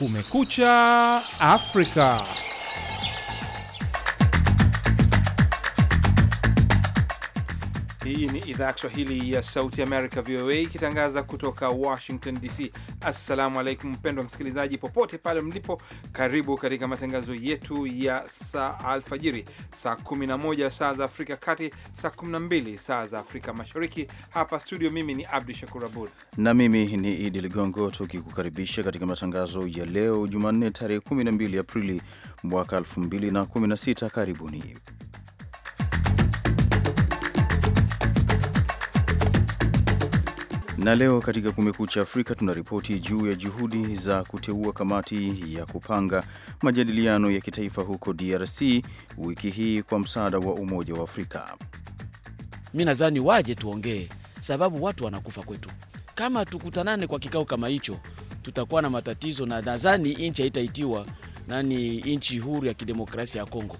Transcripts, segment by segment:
Kumekucha Afrika. Hii ni idhaa ya Kiswahili ya Sauti Amerika, VOA, ikitangaza kutoka Washington DC. Assalamu alaikum, mpendwa msikilizaji, popote pale mlipo, karibu katika matangazo yetu ya saa alfajiri, saa 11 saa za Afrika Kati, saa 12 saa za Afrika Mashariki. Hapa studio, mimi ni Abdu Shakur Abud na mimi ni Idi Ligongo, tukikukaribisha katika matangazo ya leo Jumanne, tarehe 12 Aprili mwaka 2016. Karibuni. Na leo katika Kumekucha Afrika tunaripoti juu ya juhudi za kuteua kamati ya kupanga majadiliano ya kitaifa huko DRC wiki hii kwa msaada wa Umoja wa Afrika. Mi nadhani waje tuongee, sababu watu wanakufa kwetu. Kama tukutanane kwa kikao kama hicho, tutakuwa na matatizo, na nadhani nchi haitaitiwa nani, nchi huru ya kidemokrasia ya Kongo.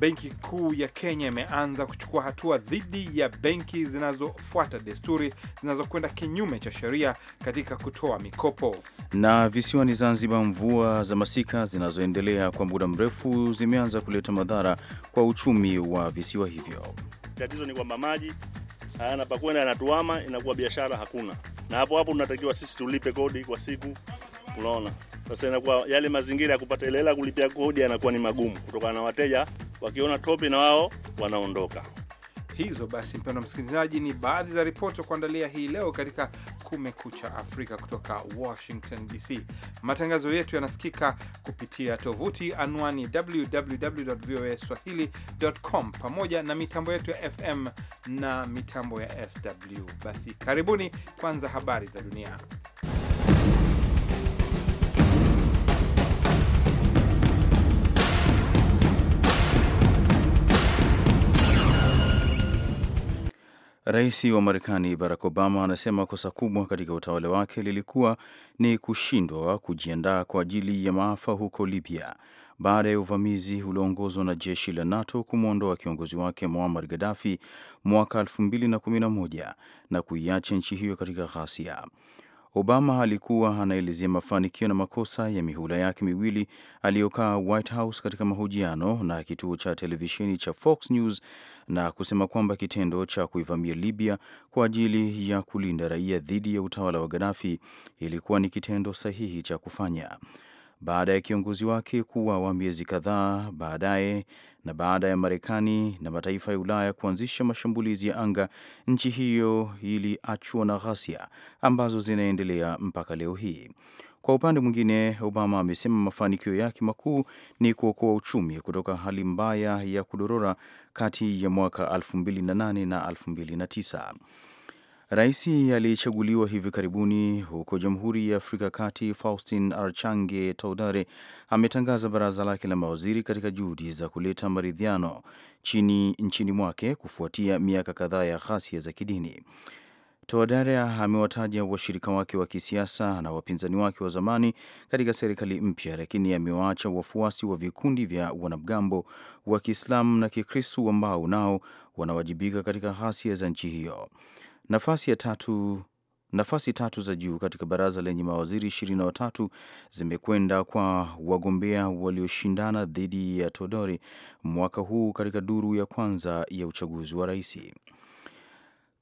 Benki Kuu ya Kenya imeanza kuchukua hatua dhidi ya benki zinazofuata desturi zinazokwenda kinyume cha sheria katika kutoa mikopo. Na visiwani Zanzibar, mvua za masika zinazoendelea kwa muda mrefu zimeanza kuleta madhara kwa uchumi wa visiwa hivyo. Tatizo ni kwamba maji hayana pakwenda, yanatuama, inakuwa biashara hakuna, na hapo hapo tunatakiwa sisi tulipe kodi kwa siku unaona. Sasa inakuwa yale mazingira ya kupata ile hela kulipia kodi yanakuwa ni magumu, kutokana na wateja wakiona topi na wao wanaondoka. Hizo basi, mpendwa msikilizaji, ni baadhi za ripoti za kuandalia hii leo katika Kumekucha Afrika kutoka Washington DC. Matangazo yetu yanasikika kupitia tovuti anwani www.voaswahili.com, pamoja na mitambo yetu ya FM na mitambo ya SW. Basi karibuni, kwanza habari za dunia. Rais wa Marekani Barack Obama anasema kosa kubwa katika utawala wake lilikuwa ni kushindwa kujiandaa kwa ajili ya maafa huko Libya baada ya uvamizi ulioongozwa na jeshi la NATO kumwondoa kiongozi wake Muammar Gaddafi mwaka 2011 na kuiacha nchi hiyo katika ghasia. Obama alikuwa anaelezea mafanikio na makosa ya mihula yake miwili aliyokaa White House katika mahojiano na kituo cha televisheni cha Fox News na kusema kwamba kitendo cha kuivamia Libya kwa ajili ya kulinda raia dhidi ya utawala wa Gaddafi ilikuwa ni kitendo sahihi cha kufanya baada ya kiongozi wake wa miezi kadhaa baadaye na baada ya Marekani na mataifa ya Ulaya kuanzisha mashambulizi ya anga, nchi hiyo iliachwa na ghasia ambazo zinaendelea mpaka leo hii. Kwa upande mwingine, Obama amesema mafanikio yake makuu ni kuokoa uchumi kutoka hali mbaya ya kudorora kati ya mwaka 2008 na 2009. Rais aliyechaguliwa hivi karibuni huko Jamhuri ya Afrika Kati, Faustin Archange Taudare, ametangaza baraza lake la mawaziri katika juhudi za kuleta maridhiano chini nchini mwake kufuatia miaka kadhaa ya ghasia za kidini. Taudare amewataja washirika wake wa kisiasa na wapinzani wake wa zamani katika serikali mpya, lakini amewaacha wafuasi wa vikundi vya wanamgambo wa Kiislamu na Kikristu ambao nao wanawajibika katika ghasia za nchi hiyo. Nafasi ya tatu nafasi tatu za juu katika baraza lenye mawaziri ishirini na watatu zimekwenda kwa wagombea walioshindana dhidi ya Todori mwaka huu katika duru ya kwanza ya uchaguzi wa rais.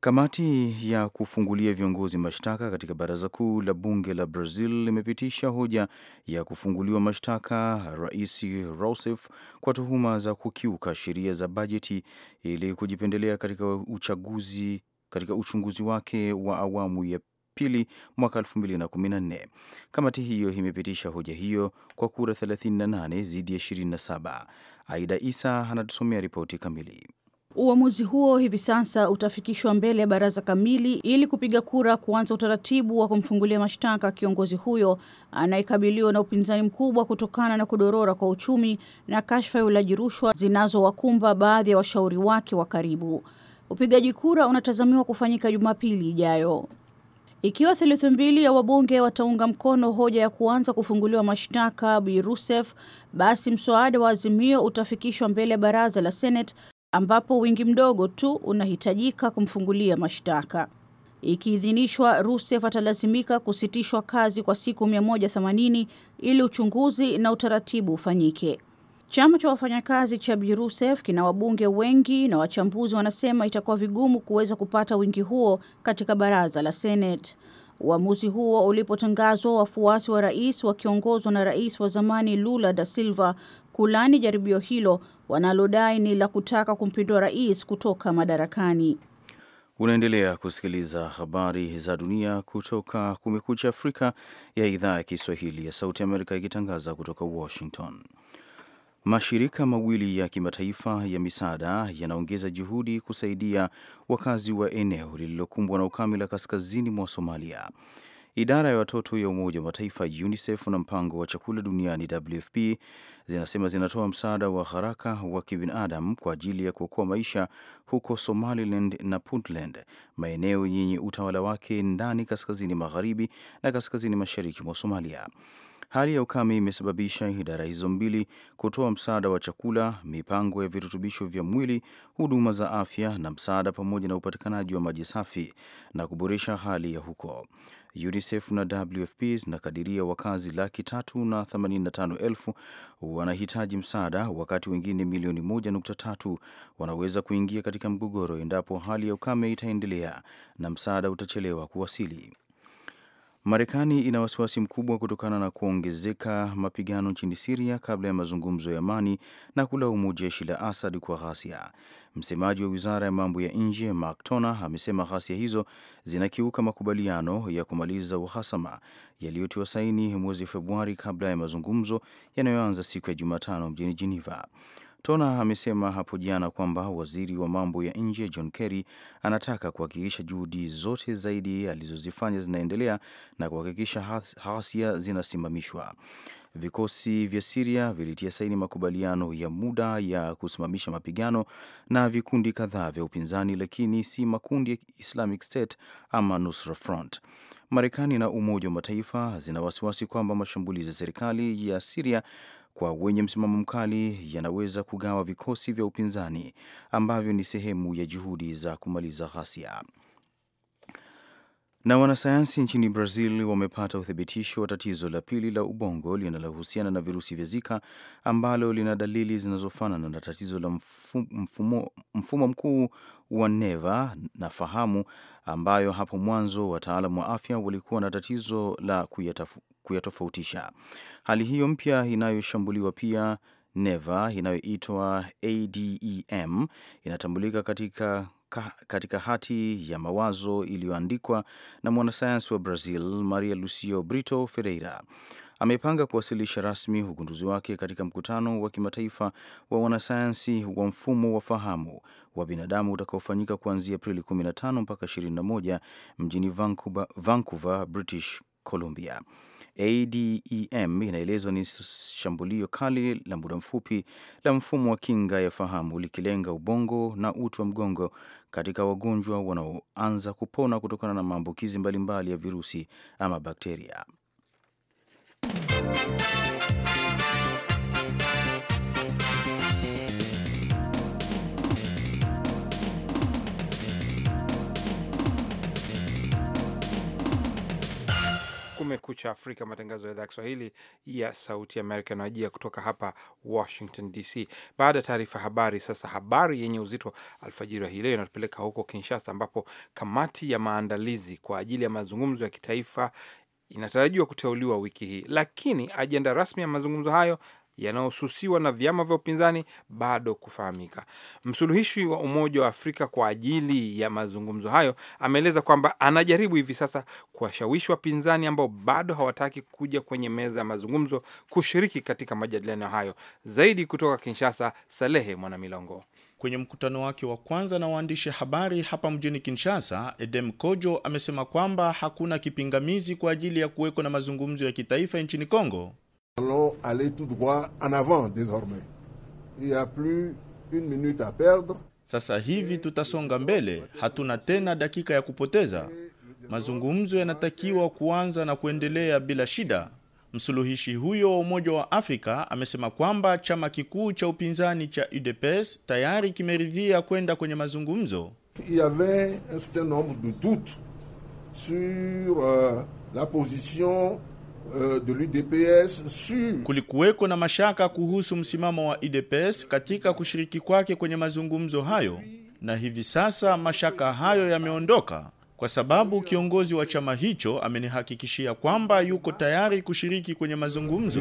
Kamati ya kufungulia viongozi mashtaka katika baraza kuu la bunge la Brazil limepitisha hoja ya kufunguliwa mashtaka Rais Rousseff kwa tuhuma za kukiuka sheria za bajeti ili kujipendelea katika uchaguzi katika uchunguzi wake wa awamu ya pili mwaka 2014. Kamati hiyo imepitisha hoja hiyo kwa kura 38 dhidi ya 27. Aida Isa anatusomea ripoti kamili. Uamuzi huo hivi sasa utafikishwa mbele ya baraza kamili ili kupiga kura kuanza utaratibu wa kumfungulia mashtaka kiongozi huyo anayekabiliwa na upinzani mkubwa kutokana na kudorora kwa uchumi na kashfa ya ulaji rushwa zinazowakumba baadhi ya washauri wake wa karibu. Upigaji kura unatazamiwa kufanyika Jumapili ijayo. Ikiwa theluthi mbili ya wabunge wataunga mkono hoja ya kuanza kufunguliwa mashtaka Bi Rousseff, basi mswada wa azimio utafikishwa mbele ya baraza la Senate ambapo wingi mdogo tu unahitajika kumfungulia mashtaka. Ikiidhinishwa, Rousseff atalazimika kusitishwa kazi kwa siku 180 ili uchunguzi na utaratibu ufanyike. Chama cha wafanyakazi cha Birusef kina wabunge wengi na wachambuzi wanasema itakuwa vigumu kuweza kupata wingi huo katika baraza la Senate. Uamuzi huo ulipotangazwa, wafuasi wa rais wakiongozwa na rais wa zamani Lula da Silva kulani jaribio hilo wanalodai ni la kutaka kumpindua rais kutoka madarakani. Unaendelea kusikiliza habari za dunia kutoka Kumekucha Afrika ya idhaa ya Kiswahili ya Sauti Amerika ikitangaza kutoka Washington. Mashirika mawili ya kimataifa ya misaada yanaongeza juhudi kusaidia wakazi wa eneo lililokumbwa na ukame la kaskazini mwa Somalia. Idara ya watoto ya Umoja wa Mataifa UNICEF na mpango wa chakula duniani WFP zinasema zinatoa msaada wa haraka wa kibinadamu kwa ajili ya kuokoa maisha huko Somaliland na Puntland, maeneo yenye utawala wake ndani kaskazini magharibi na kaskazini mashariki mwa Somalia. Hali ya ukame imesababisha idara hizo mbili kutoa msaada wa chakula, mipango ya virutubisho vya mwili, huduma za afya na msaada, pamoja na upatikanaji wa maji safi na kuboresha hali ya huko. UNICEF na WFP zinakadiria wakazi laki tatu na themanini na tano elfu wanahitaji msaada, wakati wengine milioni moja nukta tatu wanaweza kuingia katika mgogoro endapo hali ya ukame itaendelea na msaada utachelewa kuwasili. Marekani ina wasiwasi mkubwa kutokana na kuongezeka mapigano nchini Siria kabla ya mazungumzo ya amani na kulaumu jeshi la Asad kwa ghasia. Msemaji wa wizara ya mambo ya nje Mark Tona amesema ghasia hizo zinakiuka makubaliano ya kumaliza uhasama yaliyotiwa saini mwezi Februari kabla ya mazungumzo yanayoanza siku ya Jumatano mjini Jeneva. Tona amesema hapo jana kwamba waziri wa mambo ya nje John Kerry anataka kuhakikisha juhudi zote zaidi alizozifanya zinaendelea na kuhakikisha ghasia zinasimamishwa. Vikosi vya Siria vilitia saini makubaliano ya muda ya kusimamisha mapigano na vikundi kadhaa vya upinzani, lakini si makundi ya Islamic State ama Nusra Front. Marekani na Umoja wa Mataifa zina wasiwasi kwamba mashambulizi ya serikali ya Siria kwa wenye msimamo mkali yanaweza kugawa vikosi vya upinzani ambavyo ni sehemu ya juhudi za kumaliza ghasia. Na wanasayansi nchini Brazil wamepata uthibitisho wa tatizo la pili la ubongo linalohusiana na virusi vya Zika ambalo lina dalili zinazofanana na tatizo la mfumo, mfumo mkuu wa neva na fahamu ambayo hapo mwanzo wataalamu wa afya walikuwa na tatizo la kuyatofautisha. Hali hiyo mpya inayoshambuliwa pia neva inayoitwa ADEM inatambulika katika katika hati ya mawazo iliyoandikwa na mwanasayansi wa Brazil Maria Lucio Brito Ferreira. Amepanga kuwasilisha rasmi ugunduzi wake katika mkutano wa kimataifa wa wanasayansi wa mfumo wa fahamu wa binadamu utakaofanyika kuanzia Aprili 15 mpaka 21 mjini Vancouver, British Columbia. ADEM inaelezwa ni shambulio kali la muda mfupi la mfumo wa kinga ya fahamu likilenga ubongo na uti wa mgongo katika wagonjwa wanaoanza kupona kutokana na maambukizi mbalimbali ya virusi ama bakteria. Kumekucha Afrika, matangazo ya idhaa ya Kiswahili ya Sauti Amerika yanawajia kutoka hapa Washington DC. Baada ya taarifa habari, sasa habari yenye uzito alfajiri wa hii leo inatupeleka huko Kinshasa, ambapo kamati ya maandalizi kwa ajili ya mazungumzo ya kitaifa inatarajiwa kuteuliwa wiki hii, lakini ajenda rasmi ya mazungumzo hayo yanayosusiwa na vyama vya upinzani bado kufahamika. Msuluhishi wa Umoja wa Afrika kwa ajili ya mazungumzo hayo ameeleza kwamba anajaribu hivi sasa kuwashawishi wapinzani ambao bado hawataki kuja kwenye meza ya mazungumzo kushiriki katika majadiliano hayo. Zaidi kutoka Kinshasa, Salehe Mwanamilongo. Kwenye mkutano wake wa kwanza na waandishi habari hapa mjini Kinshasa, Edem Kojo amesema kwamba hakuna kipingamizi kwa ajili ya kuweko na mazungumzo ya kitaifa nchini Kongo Nous allons aller tout droit en avant désormais. Il n'y a plus une minute à perdre. Sasa hivi tutasonga mbele, hatuna tena dakika ya kupoteza. Mazungumzo yanatakiwa kuanza na kuendelea bila shida. Msuluhishi huyo wa Umoja wa Afrika amesema kwamba chama kikuu cha upinzani cha UDPS tayari kimeridhia kwenda kwenye mazungumzo. Il y avait un certain nombre de doutes sur euh, la position Euh, Kulikuweko na mashaka kuhusu msimamo wa UDPS katika kushiriki kwake kwenye mazungumzo hayo, na hivi sasa mashaka hayo yameondoka kwa sababu kiongozi wa chama hicho amenihakikishia kwamba yuko tayari kushiriki kwenye mazungumzo.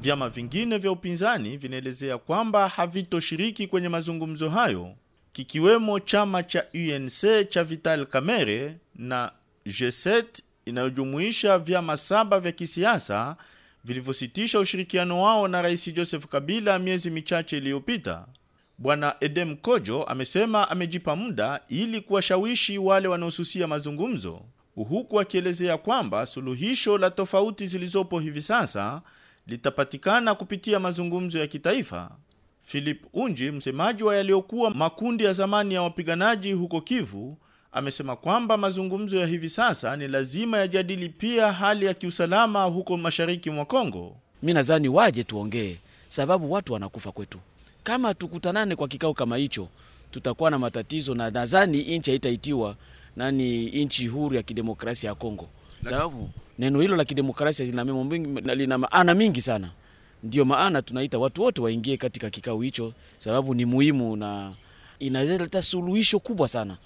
Vyama vingine vya upinzani vinaelezea kwamba havitoshiriki kwenye mazungumzo hayo, kikiwemo chama cha UNC cha Vital Kamerhe na G7 inayojumuisha vyama saba vya kisiasa vilivyositisha ushirikiano wao na Rais Joseph Kabila miezi michache iliyopita. Bwana Edem Kojo amesema amejipa muda ili kuwashawishi wale wanaosusia mazungumzo, huku akielezea kwamba suluhisho la tofauti zilizopo hivi sasa litapatikana kupitia mazungumzo ya kitaifa. Philip Unji, msemaji wa yaliyokuwa makundi ya zamani ya wapiganaji huko Kivu, amesema kwamba mazungumzo ya hivi sasa ni lazima yajadili pia hali ya kiusalama huko mashariki mwa Kongo. Mi nadhani waje tuongee, sababu watu wanakufa kwetu. Kama tukutanane kwa kikao kama hicho, tutakuwa na matatizo, na nadhani nchi haitaitiwa nani nchi huru ya kidemokrasia ya Kongo, sababu neno hilo la kidemokrasia lina, lina maana mingi sana. Ndio maana tunaita watu wote waingie katika kikao hicho, sababu ni muhimu na inaleta suluhisho kubwa sana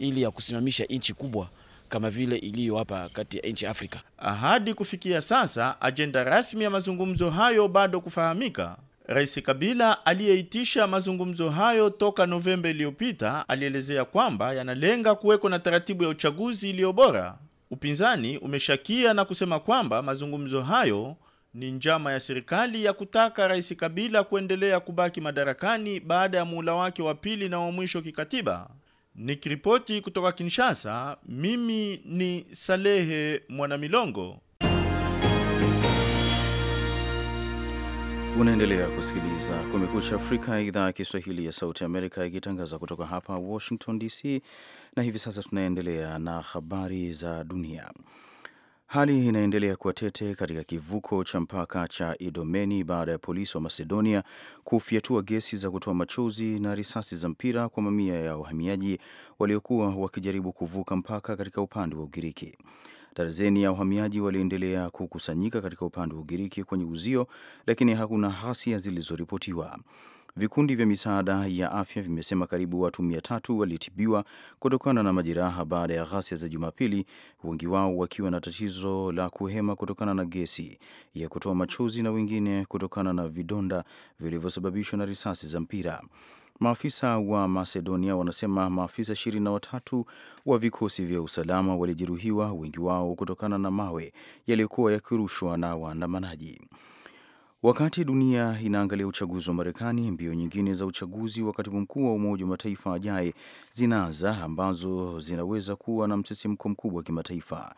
ili ya kusimamisha nchi kubwa kama vile iliyo hapa kati ya nchi Afrika. Hadi kufikia sasa ajenda rasmi ya mazungumzo hayo bado kufahamika. Rais Kabila aliyeitisha mazungumzo hayo toka Novemba iliyopita alielezea kwamba yanalenga kuweko na taratibu ya uchaguzi iliyo bora. Upinzani umeshakia na kusema kwamba mazungumzo hayo ni njama ya serikali ya kutaka Rais Kabila kuendelea kubaki madarakani baada ya muula wake wa pili na wa mwisho kikatiba. Nikiripoti kutoka Kinshasa, mimi ni Salehe Mwanamilongo. Unaendelea kusikiliza Kumekucha Afrika, idhaa ya Kiswahili ya Sauti Amerika, ikitangaza kutoka hapa Washington DC. Na hivi sasa tunaendelea na habari za dunia. Hali inaendelea kuwa tete katika kivuko cha mpaka cha Idomeni baada ya polisi wa Macedonia kufyatua gesi za kutoa machozi na risasi za mpira kwa mamia ya wahamiaji waliokuwa wakijaribu kuvuka mpaka katika upande wa Ugiriki. Darzeni ya wahamiaji waliendelea kukusanyika katika upande wa Ugiriki kwenye uzio, lakini hakuna ghasia zilizoripotiwa. Vikundi vya misaada ya afya vimesema karibu watu mia tatu walitibiwa kutokana na majeraha baada ya ghasia za Jumapili, wengi wao wakiwa na tatizo la kuhema kutokana na gesi ya kutoa machozi na wengine kutokana na vidonda vilivyosababishwa na risasi za mpira. Maafisa wa Macedonia wanasema maafisa ishirini na watatu wa vikosi vya usalama walijeruhiwa, wengi wao kutokana na mawe yaliyokuwa yakirushwa na waandamanaji. Wakati dunia inaangalia uchaguzi wa Marekani, mbio nyingine za uchaguzi wa katibu mkuu wa Umoja wa Mataifa ajaye zinaanza, ambazo zinaweza kuwa na msisimko mkubwa wa kimataifa.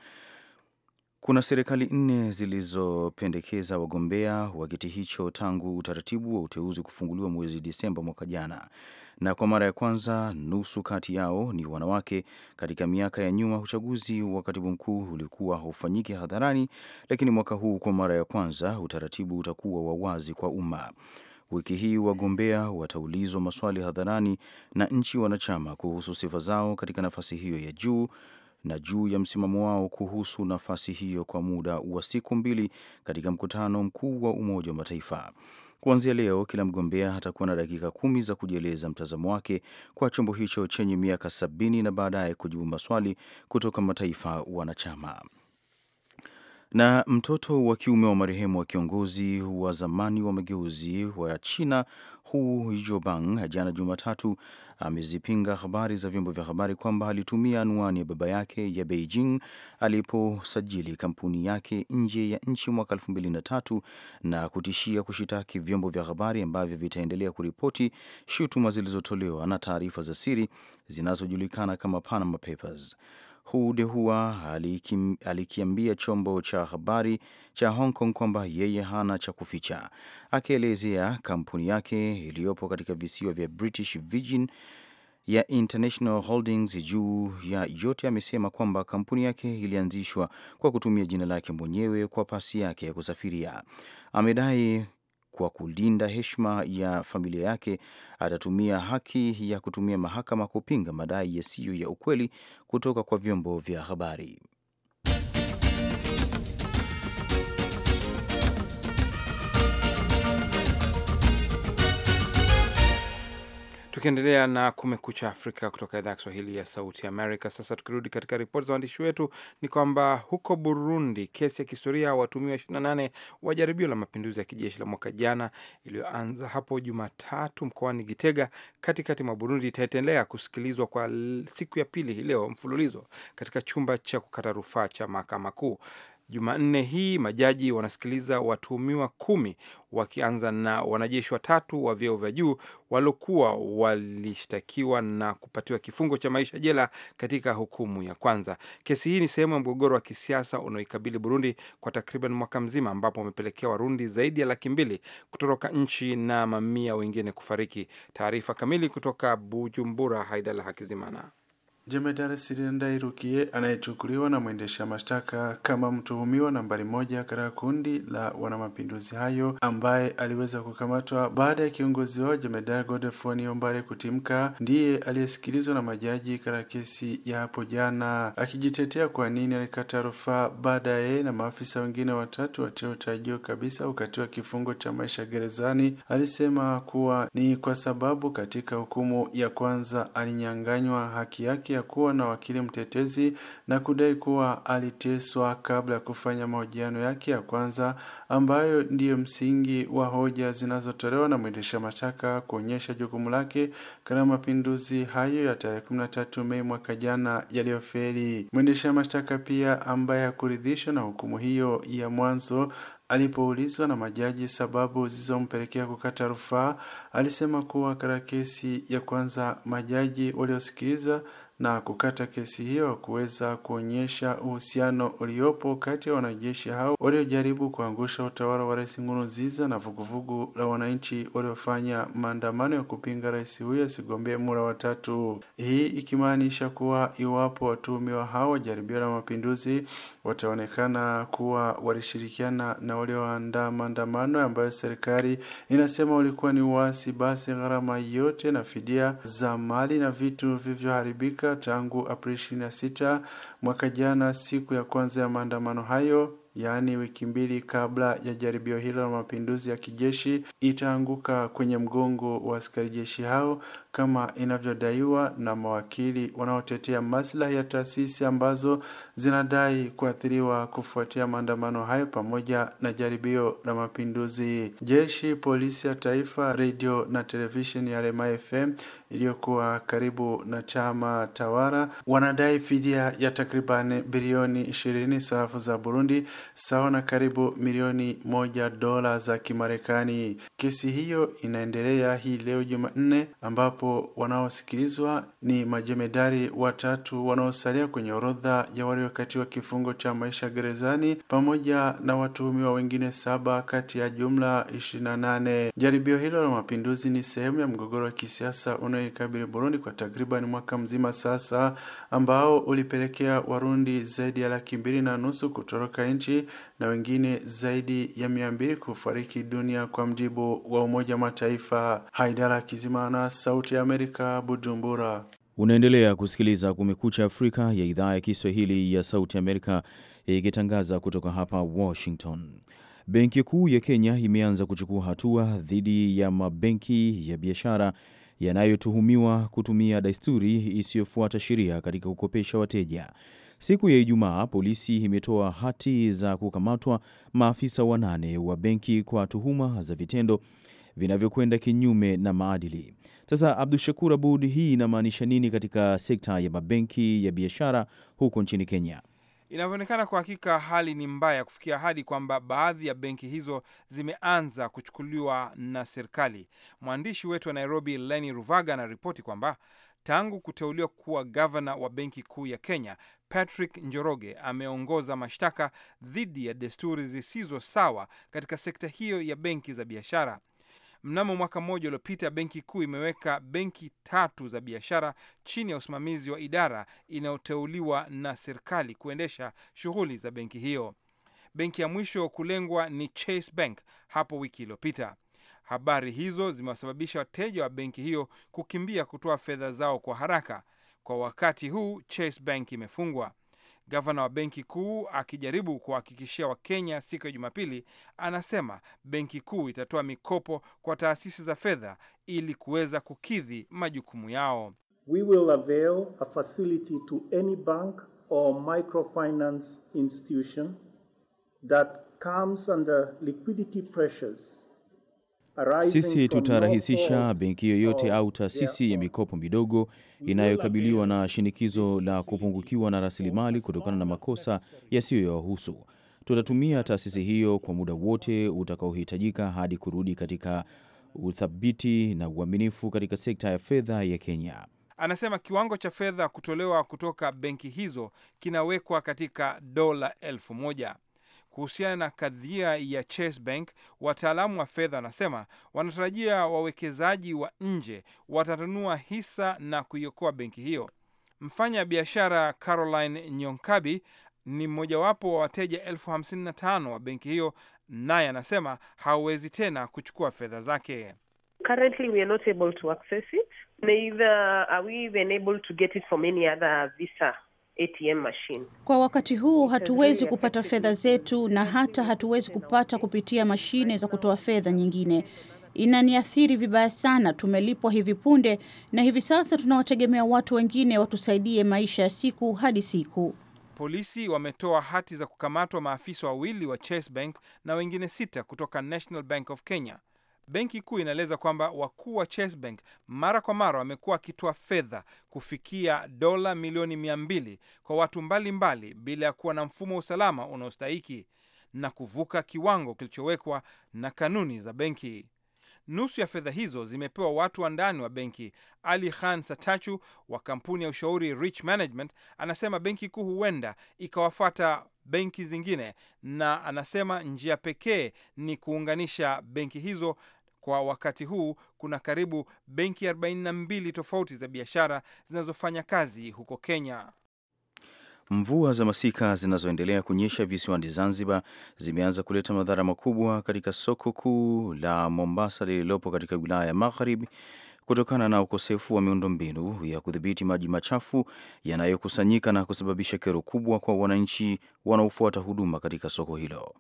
Kuna serikali nne zilizopendekeza wagombea wa kiti hicho tangu utaratibu wa uteuzi kufunguliwa mwezi Disemba mwaka jana na kwa mara ya kwanza nusu kati yao ni wanawake. Katika miaka ya nyuma, uchaguzi wa katibu mkuu ulikuwa haufanyiki hadharani, lakini mwaka huu kwa mara ya kwanza utaratibu utakuwa wa wazi kwa umma. Wiki hii wagombea wataulizwa maswali hadharani na nchi wanachama kuhusu sifa zao katika nafasi hiyo ya juu na juu ya msimamo wao kuhusu nafasi hiyo kwa muda wa siku mbili katika mkutano mkuu wa Umoja wa Mataifa. Kuanzia leo, kila mgombea atakuwa na dakika kumi za kujieleza mtazamo wake kwa chombo hicho chenye miaka sabini na baadaye kujibu maswali kutoka mataifa wanachama na mtoto wa kiume wa marehemu wa kiongozi wa zamani wa mageuzi wa China Hu Jobang jana Jumatatu amezipinga habari za vyombo vya habari kwamba alitumia anwani ya baba yake ya Beijing aliposajili kampuni yake nje ya nchi mwaka 2003 na kutishia kushitaki vyombo vya habari ambavyo vitaendelea kuripoti shutuma zilizotolewa na taarifa za siri zinazojulikana kama Panama Papers. Hudehua hua alikiambia chombo cha habari cha Hong Kong kwamba yeye hana cha kuficha, akielezea kampuni yake iliyopo katika visiwa vya British Virgin ya International Holdings. Juu ya yote amesema kwamba kampuni yake ilianzishwa kwa kutumia jina lake mwenyewe kwa pasi yake ya kusafiria. Amedai kwa kulinda heshima ya familia yake atatumia haki ya kutumia mahakama kupinga madai yasiyo ya ukweli kutoka kwa vyombo vya habari. Tukiendelea na Kumekucha Afrika kutoka idhaa ya Kiswahili ya Sauti Amerika. Sasa tukirudi katika ripoti za waandishi wetu, ni kwamba huko Burundi kesi ya kihistoria watumiwa 28 wa jaribio la mapinduzi ya kijeshi la mwaka jana iliyoanza hapo Jumatatu mkoani Gitega katikati mwa Burundi itaendelea kusikilizwa kwa siku ya pili hii leo mfululizo katika chumba cha kukata rufaa cha mahakama kuu. Jumanne hii majaji wanasikiliza watuhumiwa kumi wakianza na wanajeshi watatu wa vyeo vya juu waliokuwa walishtakiwa na kupatiwa kifungo cha maisha jela katika hukumu ya kwanza. Kesi hii ni sehemu ya mgogoro wa kisiasa unaoikabili Burundi kwa takriban mwaka mzima, ambapo wamepelekea Warundi zaidi ya laki mbili kutoroka nchi na mamia wengine kufariki. Taarifa kamili kutoka Bujumbura, Haidala Hakizimana. Jemedari Silinda Irukie anayechukuliwa na mwendesha mashtaka kama mtuhumiwa nambari moja katika kundi la wanamapinduzi hayo ambaye aliweza kukamatwa baada ya kiongozi wao Jemedari Godefroid Niyombare kutimka, ndiye aliyesikilizwa na majaji katika kesi ya hapo jana akijitetea kwa nini alikata rufaa baada baadaye, na maafisa wengine watatu waliotarajiwa kabisa ukatiwa kifungo cha maisha gerezani. Alisema kuwa ni kwa sababu katika hukumu ya kwanza alinyang'anywa haki yake haki ya kuwa na wakili mtetezi na kudai kuwa aliteswa kabla ya kufanya mahojiano yake ya kwanza, ambayo ndiyo msingi wa hoja zinazotolewa na mwendesha mashtaka kuonyesha jukumu lake katika mapinduzi hayo ya tarehe 13 Mei mwaka jana yaliyofeli. Mwendesha mashtaka pia, ambaye hakuridhishwa na hukumu hiyo ya mwanzo alipoulizwa na majaji sababu zilizompelekea kukata rufaa, alisema kuwa katika kesi ya kwanza majaji waliosikiliza na kukata kesi hiyo kuweza kuonyesha uhusiano uliopo kati ya wanajeshi hao waliojaribu kuangusha utawala wa Rais Nkurunziza na vuguvugu la wananchi waliofanya maandamano ya kupinga rais huyo asigombee mura watatu. Hii ikimaanisha kuwa iwapo watuhumiwa hao wa jaribio la mapinduzi wataonekana kuwa walishirikiana na walioandaa maandamano ambayo serikali inasema ulikuwa ni uasi, basi gharama yote na fidia za mali na vitu vilivyoharibika Afrika tangu Aprili 26 mwaka jana, siku ya kwanza ya maandamano hayo yaani wiki mbili kabla ya jaribio hilo la mapinduzi ya kijeshi itaanguka kwenye mgongo wa askari jeshi hao kama inavyodaiwa na mawakili wanaotetea maslahi ya taasisi ambazo zinadai kuathiriwa kufuatia maandamano hayo pamoja na jaribio la mapinduzi. Jeshi, polisi ya taifa, redio na televisheni ya Rema FM iliyokuwa karibu na chama tawala wanadai fidia ya takriban bilioni ishirini sarafu za Burundi sawa na karibu milioni moja dola za Kimarekani. Kesi hiyo inaendelea hii leo Jumanne ambapo ambapo wanaosikilizwa ni majemedari watatu wanaosalia kwenye orodha ya waliokatiwa kifungo cha maisha gerezani pamoja na watuhumiwa wengine saba kati ya jumla 28. Jaribio hilo la mapinduzi ni sehemu ya mgogoro wa kisiasa unaoikabili Burundi kwa takriban mwaka mzima sasa, ambao ulipelekea Warundi zaidi ya laki mbili na nusu kutoroka nchi na wengine zaidi ya mia mbili kufariki dunia kwa mjibu wa Umoja Mataifa. Haidara Kizimana, Sauti ya Amerika, Bujumbura. Unaendelea kusikiliza Kumekucha Afrika ya idhaa ya Kiswahili ya Sauti Amerika ikitangaza kutoka hapa Washington. Benki Kuu ya Kenya imeanza kuchukua hatua dhidi ya mabenki ya biashara yanayotuhumiwa kutumia desturi isiyofuata sheria katika kukopesha wateja. Siku ya Ijumaa, polisi imetoa hati za kukamatwa maafisa wanane wa benki kwa tuhuma za vitendo vinavyokwenda kinyume na maadili. Sasa Abdu Shakur Abud, hii inamaanisha nini katika sekta ya mabenki ya biashara huko nchini Kenya? Inavyoonekana kwa hakika, hali ni mbaya kufikia hadi kwamba baadhi ya benki hizo zimeanza kuchukuliwa na serikali. Mwandishi wetu wa Nairobi, Leni Ruvaga, anaripoti kwamba tangu kuteuliwa kuwa gavana wa Benki Kuu ya Kenya, Patrick Njoroge ameongoza mashtaka dhidi ya desturi zisizo sawa katika sekta hiyo ya benki za biashara. Mnamo mwaka mmoja uliopita, benki kuu imeweka benki tatu za biashara chini ya usimamizi wa idara inayoteuliwa na serikali kuendesha shughuli za benki hiyo. Benki ya mwisho kulengwa ni Chase Bank hapo wiki iliyopita. Habari hizo zimewasababisha wateja wa benki hiyo kukimbia kutoa fedha zao kwa haraka, kwa wakati huu Chase Bank imefungwa. Gavana wa benki kuu akijaribu kuwahakikishia Wakenya siku ya Jumapili, anasema benki kuu itatoa mikopo kwa taasisi za fedha ili kuweza kukidhi majukumu yao. We will avail a facility to any bank or microfinance institution that comes under liquidity pressures sisi tutarahisisha benki yoyote au taasisi ya mikopo midogo inayokabiliwa na shinikizo la kupungukiwa na rasilimali kutokana na makosa yasiyowahusu. Tutatumia taasisi hiyo kwa muda wote utakaohitajika hadi kurudi katika uthabiti na uaminifu katika sekta ya fedha ya Kenya. Anasema kiwango cha fedha kutolewa kutoka benki hizo kinawekwa katika dola elfu moja. Kuhusiana na kadhia ya Chase Bank, wataalamu wa fedha wanasema wanatarajia wawekezaji wa nje watanunua hisa na kuiokoa benki hiyo. Mfanya biashara Caroline Nyonkabi ni mmojawapo wa wateja elfu hamsini na tano wa benki hiyo, naye anasema hauwezi tena kuchukua fedha zake. Currently we are not able to access it. Neither are we even able to get it from any other visa ATM machine. Kwa wakati huu hatuwezi kupata fedha zetu na hata hatuwezi kupata kupitia mashine za kutoa fedha nyingine. Inaniathiri vibaya sana. Tumelipwa hivi punde na hivi sasa tunawategemea watu wengine watusaidie maisha ya siku hadi siku. Polisi wametoa hati za kukamatwa maafisa wawili wa Chase Bank na wengine sita kutoka National Bank of Kenya. Benki Kuu inaeleza kwamba wakuu wa Chase Bank mara kwa mara wamekuwa wakitoa fedha kufikia dola milioni mia mbili kwa watu mbalimbali mbali, bila ya kuwa na mfumo wa usalama unaostahiki na kuvuka kiwango kilichowekwa na kanuni za benki. Nusu ya fedha hizo zimepewa watu wa ndani wa benki. Ali Khan Satachu wa kampuni ya ushauri Rich Management anasema benki kuu huenda ikawafata benki zingine, na anasema njia pekee ni kuunganisha benki hizo kwa wakati huu kuna karibu benki 42 tofauti za biashara zinazofanya kazi huko Kenya. Mvua za masika zinazoendelea kunyesha visiwani Zanzibar zimeanza kuleta madhara makubwa katika soko kuu la Mombasa lililopo katika wilaya ya Magharibi kutokana na ukosefu wa miundombinu ya kudhibiti maji machafu yanayokusanyika na kusababisha kero kubwa kwa wananchi wanaofuata huduma katika soko hilo.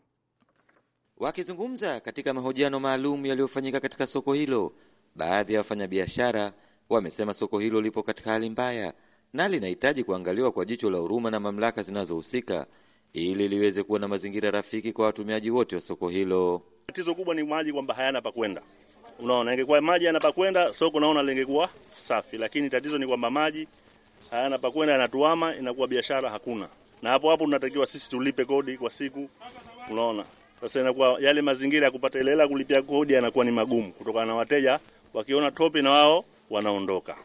Wakizungumza katika mahojiano maalum yaliyofanyika katika soko hilo, baadhi ya wafanyabiashara wamesema soko hilo lipo katika hali mbaya na linahitaji kuangaliwa kwa jicho la huruma na mamlaka zinazohusika ili liweze kuwa na mazingira rafiki kwa watumiaji wote wa soko hilo. Tatizo kubwa ni maji, kwamba hayana pa kwenda. Unaona, ingekuwa maji yana pa kwenda, soko naona lingekuwa safi, lakini tatizo ni kwamba maji hayana pa kwenda, yanatuama, inakuwa biashara hakuna, na hapo hapo tunatakiwa sisi tulipe kodi kwa siku, unaona. Sasa inakuwa yale mazingira ya kupata ile hela kulipia kodi yanakuwa ni magumu, kutokana na wateja wakiona topi na wao wanaondoka.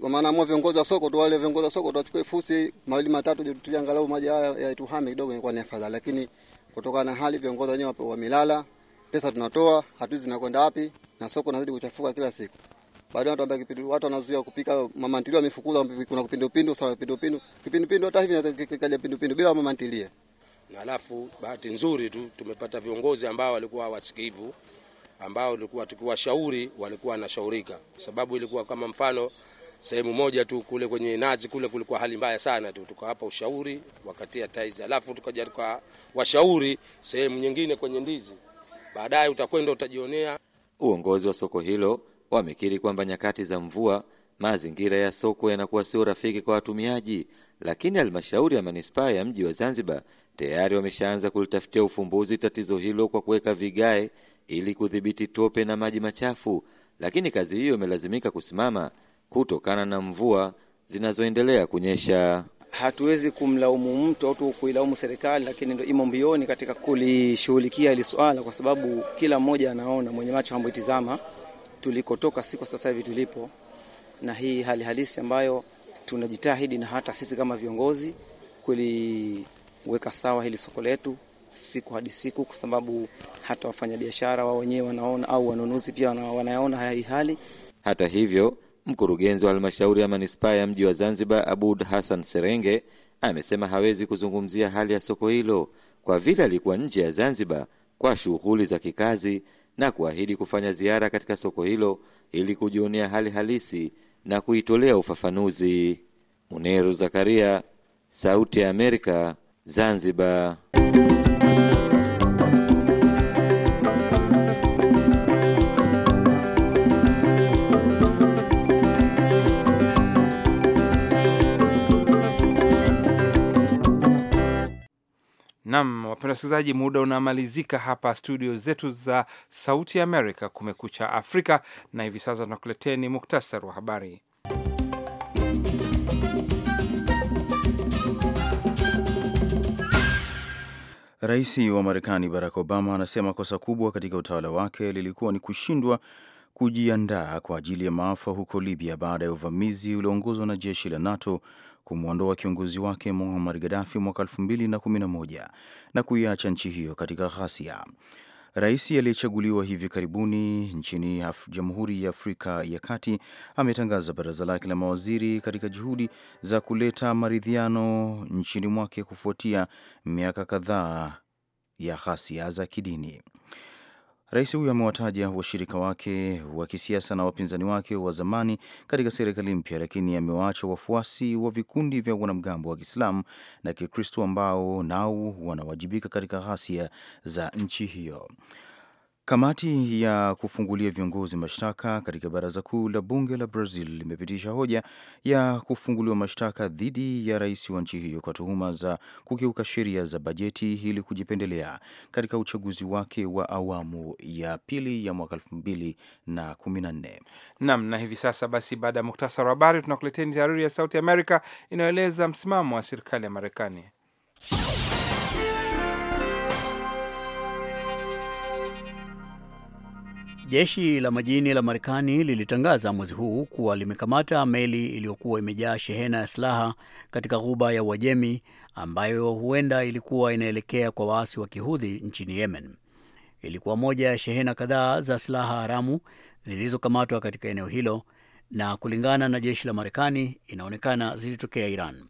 Kwa maana mwa viongozi wa soko tu, wale viongozi wa soko tuachukue fusi mawili matatu, tulia angalau maji haya ya yaituhame kidogo, inakuwa ni afadhali, lakini kutokana na hali viongozi wenyewe wamelala, pesa tunatoa hatuzi zinakwenda wapi, na soko nazidi kuchafuka kila siku. Baadaye watu ambao kipindi watu wanazuia kupika mama ntilio amefukuza, kuna kipindi kipindupindu sana, kipindi kipindi kipindupindu, hata hivi kaja kipindupindu bila mama ntilie na halafu, bahati nzuri tu tumepata viongozi ambao walikuwa wasikivu, ambao walikuwa tukiwashauri walikuwa wanashaurika, kwa sababu ilikuwa kama mfano sehemu moja tu kule kwenye Nazi kule kulikuwa hali mbaya sana tu, tukawapa ushauri wakatia taizi, alafu tukaja tukawashauri sehemu nyingine kwenye Ndizi, baadaye utakwenda utajionea. Uongozi wa soko hilo wamekiri kwamba nyakati za mvua mazingira ya soko yanakuwa sio rafiki kwa watumiaji, lakini halmashauri ya manispaa ya mji wa Zanzibar tayari wameshaanza kulitafutia ufumbuzi tatizo hilo kwa kuweka vigae ili kudhibiti tope na maji machafu, lakini kazi hiyo imelazimika kusimama kutokana na mvua zinazoendelea kunyesha. Hatuwezi kumlaumu mtu au kuilaumu serikali, lakini ndo imo mbioni katika kulishughulikia hili swala, kwa sababu kila mmoja anaona, mwenye macho hamwitizama tulikotoka, siko sasa hivi tulipo, na hii hali halisi ambayo tunajitahidi na hata sisi kama viongozi kuli kuweka sawa hili soko letu siku hadi siku, kwa sababu hata wafanyabiashara wao wenyewe wanaona au wanunuzi pia wanayaona haya hali. Hata hivyo, mkurugenzi wa halmashauri ya manispaa ya mji wa Zanzibar Abud Hassan Serenge amesema hawezi kuzungumzia hali ya soko hilo kwa vile alikuwa nje ya Zanzibar kwa shughuli za kikazi na kuahidi kufanya ziara katika soko hilo ili kujionea hali halisi na kuitolea ufafanuzi. Muneru Zakaria, Sauti ya Amerika, Zanzibar. Nam, wapenda wasikilizaji, muda unamalizika hapa studio zetu za Sauti ya Amerika, Kumekucha Afrika, na hivi sasa tunakuleteni muktasari wa habari. Rais wa Marekani Barack Obama anasema kosa kubwa katika utawala wake lilikuwa ni kushindwa kujiandaa kwa ajili ya maafa huko Libya baada ya uvamizi ulioongozwa na jeshi la NATO kumwondoa kiongozi wake Muammar Gaddafi mwaka 2011 na kuiacha nchi hiyo katika ghasia. Rais aliyechaguliwa hivi karibuni nchini Jamhuri ya Afrika ya Kati ametangaza baraza lake la mawaziri katika juhudi za kuleta maridhiano nchini mwake kufuatia miaka kadhaa ya ghasia za kidini. Rais huyo amewataja washirika wake wa kisiasa na wapinzani wake wa zamani katika serikali mpya, lakini amewaacha wafuasi wa vikundi vya wanamgambo wa Kiislamu na Kikristo ambao nao wanawajibika katika ghasia za nchi hiyo. Kamati ya kufungulia viongozi mashtaka katika baraza kuu la bunge la Brazil limepitisha hoja ya kufunguliwa mashtaka dhidi ya rais wa nchi hiyo kwa tuhuma za kukiuka sheria za bajeti ili kujipendelea katika uchaguzi wake wa awamu ya pili ya mwaka 214 Naam, na hivi sasa basi, baada ya muktasari wa habari, tunakuletea tahariri ya Sauti Amerika inayoeleza msimamo wa serikali ya Marekani. Jeshi la majini la Marekani lilitangaza mwezi huu kuwa limekamata meli iliyokuwa imejaa shehena ya silaha katika ghuba ya Uajemi ambayo huenda ilikuwa inaelekea kwa waasi wa Kihudhi nchini Yemen. Ilikuwa moja ya shehena kadhaa za silaha haramu zilizokamatwa katika eneo hilo, na kulingana na jeshi la Marekani, inaonekana zilitokea Iran.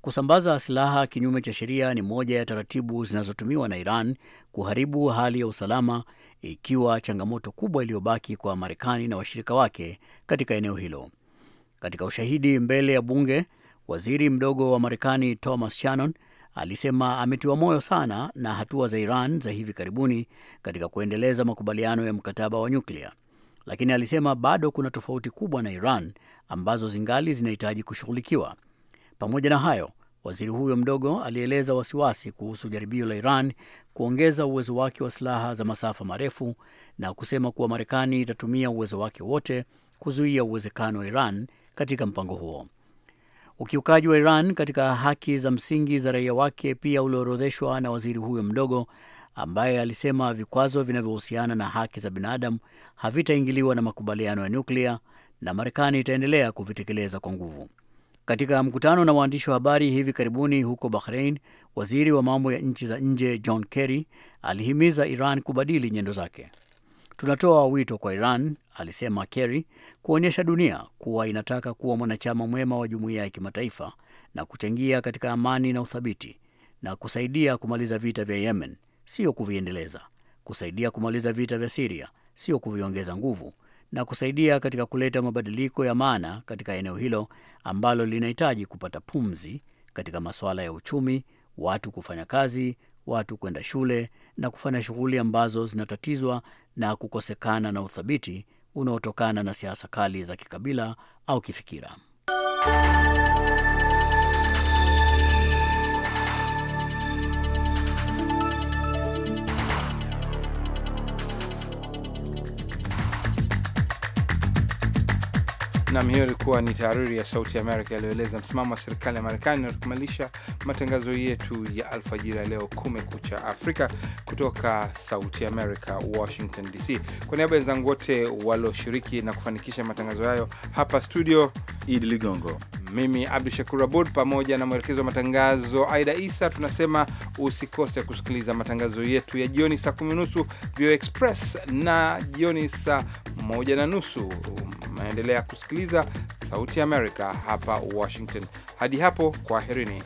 Kusambaza silaha kinyume cha sheria ni moja ya taratibu zinazotumiwa na Iran kuharibu hali ya usalama ikiwa changamoto kubwa iliyobaki kwa Marekani na washirika wake katika eneo hilo. Katika ushahidi mbele ya bunge, waziri mdogo wa Marekani Thomas Shannon alisema ametiwa moyo sana na hatua za Iran za hivi karibuni katika kuendeleza makubaliano ya mkataba wa nyuklia, lakini alisema bado kuna tofauti kubwa na Iran ambazo zingali zinahitaji kushughulikiwa. Pamoja na hayo, waziri huyo mdogo alieleza wasiwasi kuhusu jaribio la Iran kuongeza uwezo wake wa silaha za masafa marefu na kusema kuwa Marekani itatumia uwezo wake wote kuzuia uwezekano wa Iran katika mpango huo. Ukiukaji wa Iran katika haki za msingi za raia wake pia ulioorodheshwa na waziri huyo mdogo ambaye alisema vikwazo vinavyohusiana na haki za binadamu havitaingiliwa na makubaliano ya nyuklia na Marekani itaendelea kuvitekeleza kwa nguvu. Katika mkutano na waandishi wa habari hivi karibuni huko Bahrain, waziri wa mambo ya nchi za nje John Kerry alihimiza Iran kubadili nyendo zake. Tunatoa wito kwa Iran, alisema Kerry, kuonyesha dunia kuwa inataka kuwa mwanachama mwema wa jumuiya ya kimataifa na kuchangia katika amani na uthabiti na kusaidia kumaliza vita vya Yemen, sio kuviendeleza; kusaidia kumaliza vita vya Siria, sio kuviongeza nguvu na kusaidia katika kuleta mabadiliko ya maana katika eneo hilo ambalo linahitaji kupata pumzi katika masuala ya uchumi, watu kufanya kazi, watu kwenda shule na kufanya shughuli ambazo zinatatizwa na kukosekana na uthabiti unaotokana na siasa kali za kikabila au kifikira. Nam, hiyo ilikuwa ni tahariri ya Sauti Amerika yaliyoeleza msimamo wa serikali ya Marekani na matangazo yetu ya alfajiri ya leo, Kumekucha Afrika, kutoka Sauti Amerika, Washington DC. Kwa niaba ya wenzangu wote walioshiriki na kufanikisha matangazo hayo hapa studio, Idi Ligongo mimi Abdu Shakur Abud pamoja na mwelekezi wa matangazo Aida Isa tunasema usikose kusikiliza matangazo yetu ya jioni saa kumi nusu Vio Express na jioni saa moja na nusu Mnaendelea kusikiliza Sauti Amerika hapa Washington. Hadi hapo, kwaherini.